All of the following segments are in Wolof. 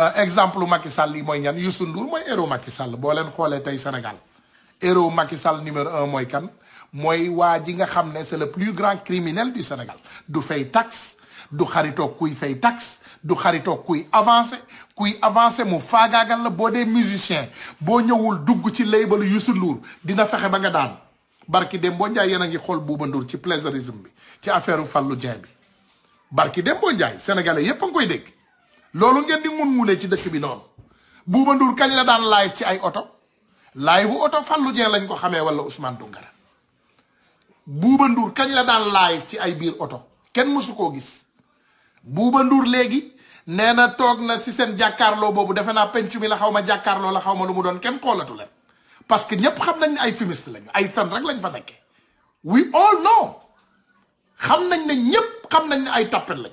Euh, exemple Macky Sall yi mooy ñan Youssou Ndour moy héros Macky Sall bo len xolé tay Sénégal héros Macky Sall numéro un moy kan moy waaji nga xamné c'est le plus grand criminel du Sénégal du fay taxe du xaritoog kuy fay taxe du xaritoog kuy avancer kuy avancer mu fagagal. la des musiciens, musicien bo ñewul dugg ci label Youssou Ndour dina fexé ba nga daan barki dem boo njaay a ngi xol Bouba Ndour ci plaisirisme. bi ci affaire fallu Dieng bi barki dem boo sénégalais yépp a ngi koy dégg loolu ngeen di mun mulee ci dëkk bi noonu Bouba Ndour kañ la daan live ci ay oto laay bu oto Fallou Dieng lañ ko xamee wala Ousmane Tounkara Bouba Ndour kañ la daan live ci ay biir oto kenn mësu koo gis Bouba Ndour léegi nee na toog na si seen jàkkaarloo boobu defe naa pencu mi la xaw ma jàkkaarloo la xaw ma lu mu doon kenn xoolatu leen parce que ñépp xam nañ ne ay fumiste lañu ay fen rek lañ fa nekkee we all know xam nañ ne ñépp xam nañ ni ay tappet lañ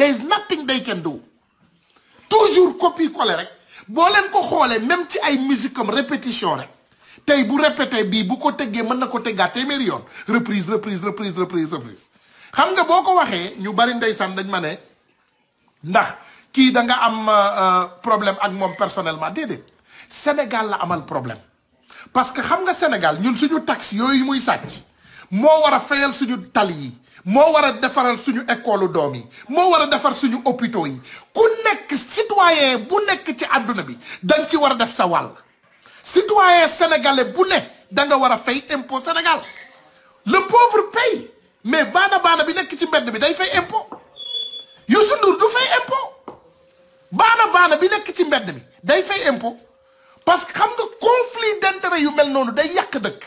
there is nothing they can do toujours copie coller rek boo leen ko xoolee même ci ay musique am répétition rek tey bu répété bii bu ko tëggee mën na ko tëggaat téeméeri yoon reprise reprise reprise reprise reprise xam nga boo ko waxee ñu bari ndeysaan dañ ma ne ndax kii da nga am euh, euh, problème ak moom personnellement déedéet Sénégal la amal problème parce que xam nga Sénégal ñun suñu taxe yooyu muy sàcc moo war a fayal suñu tali yi moo war a defaral suñu école doom yi moo war a defar suñu hôpitaux yi ku nekk citoyen bu nekk ci àdduna bi dañ ci war a def sa wàll citoyen sénégalais bu ne danga war a fay impôt Sénégal le pauvre mais baana baana bi nekk ci mbedd bi day fay impôt Youssou Ndour du fay impôt baana baana bi nekk ci mbedd bi day fay impôt parce que xam nga conflit d'intérêt yu mel noonu day yàq dëkk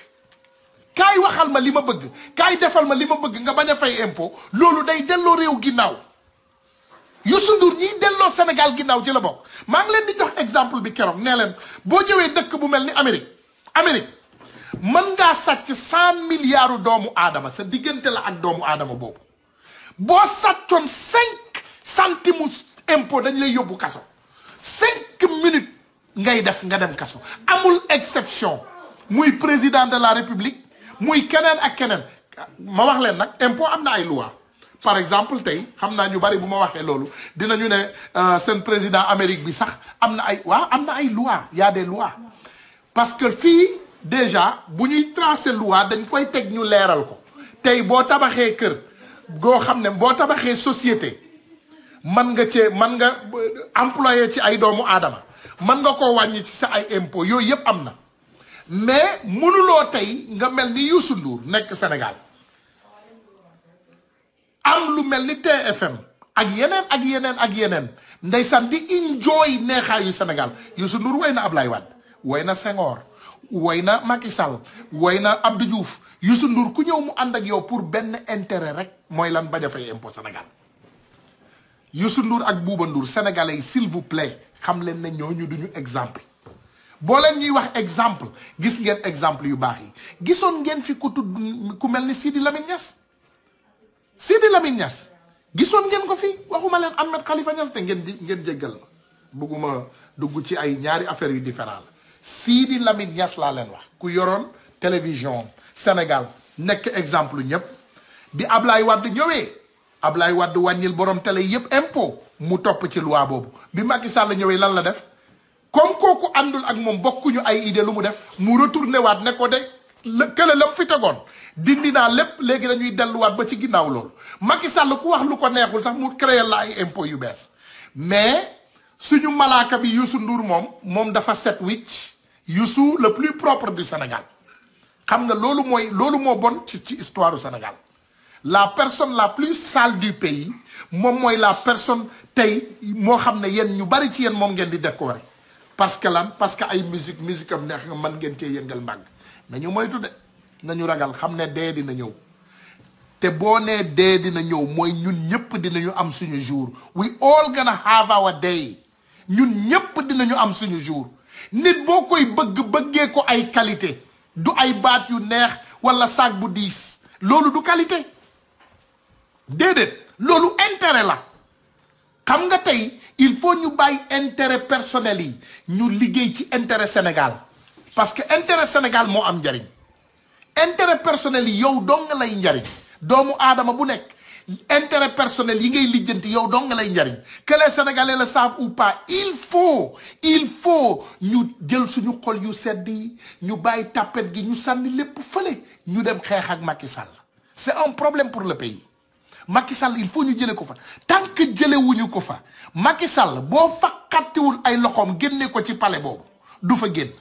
kaay waxal ma li ma bëgg kaay defal ma li ma bëgg nga bañ a fay impôt loolu day delloo réew ginnaaw Youssou Ndour ñiy delloo Sénégal ginnaaw ci la bokk maa ngi leen di jox exemple bi keroog nee leen boo ñëwee dëkk bu mel ni Amérique Amérique mën ngaa sàcc cent milliards doomu aadama sa diggante la ak doomu aadama boobu boo sàccoon cinq centimes impôt dañ lay yóbbu kaso cinq minutes ngay def nga dem kaso amul exception muy président de la république muy keneen ak keneen ma wax leen nag impôt am na ay loi par exemple tey xam naa ñu bari bu ma waxee loolu dinañu ne euh, seen président Amérique bi sax am na ay waaw am na ay loi yaa a des parce que fii déjà bu ñuy tracer loi dañ koy teg ñu leeral ko tey boo tabaxee kër goo xam ne boo tabaxee société man nga cee man nga euh, employé ci ay doomu aadama man nga koo wàññi ci sa ay impôt yooyu yëpp am na mais mënuloo tey nga mel ni Youssou Ndour nekk Sénégal am lu mel ni TFM ak yeneen ak yeneen ak yeneen ndeysaan di enjoy neexaayu Sénégal Youssou nduur woy na Ablaye Wade woy na sengoor woy na Macky Sall woy na Abdou Diouf Youssou Ndour ku ñëw mu ànd ak yow pour benn intérêt rek mooy lan bañ a fay impôt Sénégal Youssou Ndour ak buuba nduur sénégalais yi s'il xam leen ne ñooñu duñu exemple boleh len ñuy wax exemple gis ngeen exemple yu bax yi gisoon ngeen fi ku tud ku melni Sidi Lamine Niass Sidi Lamine Niass gisoon ngeen ko fi waxuma len Ahmed Khalifa Niass te ngeen ngeen jéggal buguma dugg ci ay ñaari affaire yu différent Sidi Lamine Niass la len wax ku yoron télévision Sénégal nek exemple ñep bi Ablaye wad ñowé Ablaye wad wàññil borom télé yep impôt mu top ci loi bobu bi Macky Sall lan la def comme kooku andul ak moom bokkuñu ay idée lu mu def mu retourner waat ne ko de kële lépp fi tegoon dindi na lépp léegi dañuy delluwaat ba ci ginnaaw lool Macky Sall ku wax lu ko neexul sax mu créer la ay yu mais suñu malaka bi Youssou Ndour mom mom dafa set witch Youssou le plus propre du Sénégal xam nga loolu moy loolu mo bon ci ci histoire du Sénégal la personne la plus sale du pays momo moy la personne tay, mo xamne yeen ñu bari ci yeen mom ngeen di décorer parce que lan parce que ay musique musique am neex nga mën ngeen cee yëngal mbàgg nañu moytu de nañu ragal xam ne dee dina ñëw te boo nee dee dina ñëw mooy ñun ñëpp dinañu am suñu jour we all gonna have our day ñun ñëpp dinañu am suñu jour nit boo koy bëgg bëggee ko ay qualité du ay baat yu neex wala saag bu diis loolu du qualité déedéet loolu intérêt la il faut nous intérêt personnel Nous ñu intérêt Sénégal parce que intérêt Sénégal moi am njariñ intérêt personnel c'est yow dong lay intérêt personnel yi ngay dong que les Sénégalais le savent ou pas il faut il faut nous nous suñu nous nous nous nous, nous nous nous nous ñu nous nous nous nous dem nous, ak c'est un problème pour le pays Macky Sall il faut ñu jëlee ko fa tant que jëlewuñu ko fa Macky Sall boo faqattiwul ay loxoom génne ko ci palais boobu du fa génn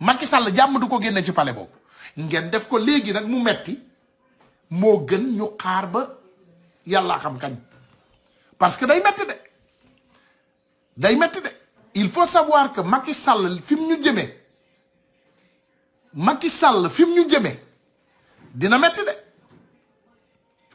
Macky Sall jàmm du ko génne ci palais boobu ngeen def ko léegi nag mu metti moo gën ñu xaar ba xam parce que day metti de day metti de il faut savoir que Macky Sall fi ñu jëmee Macky Sall ñu dina metti de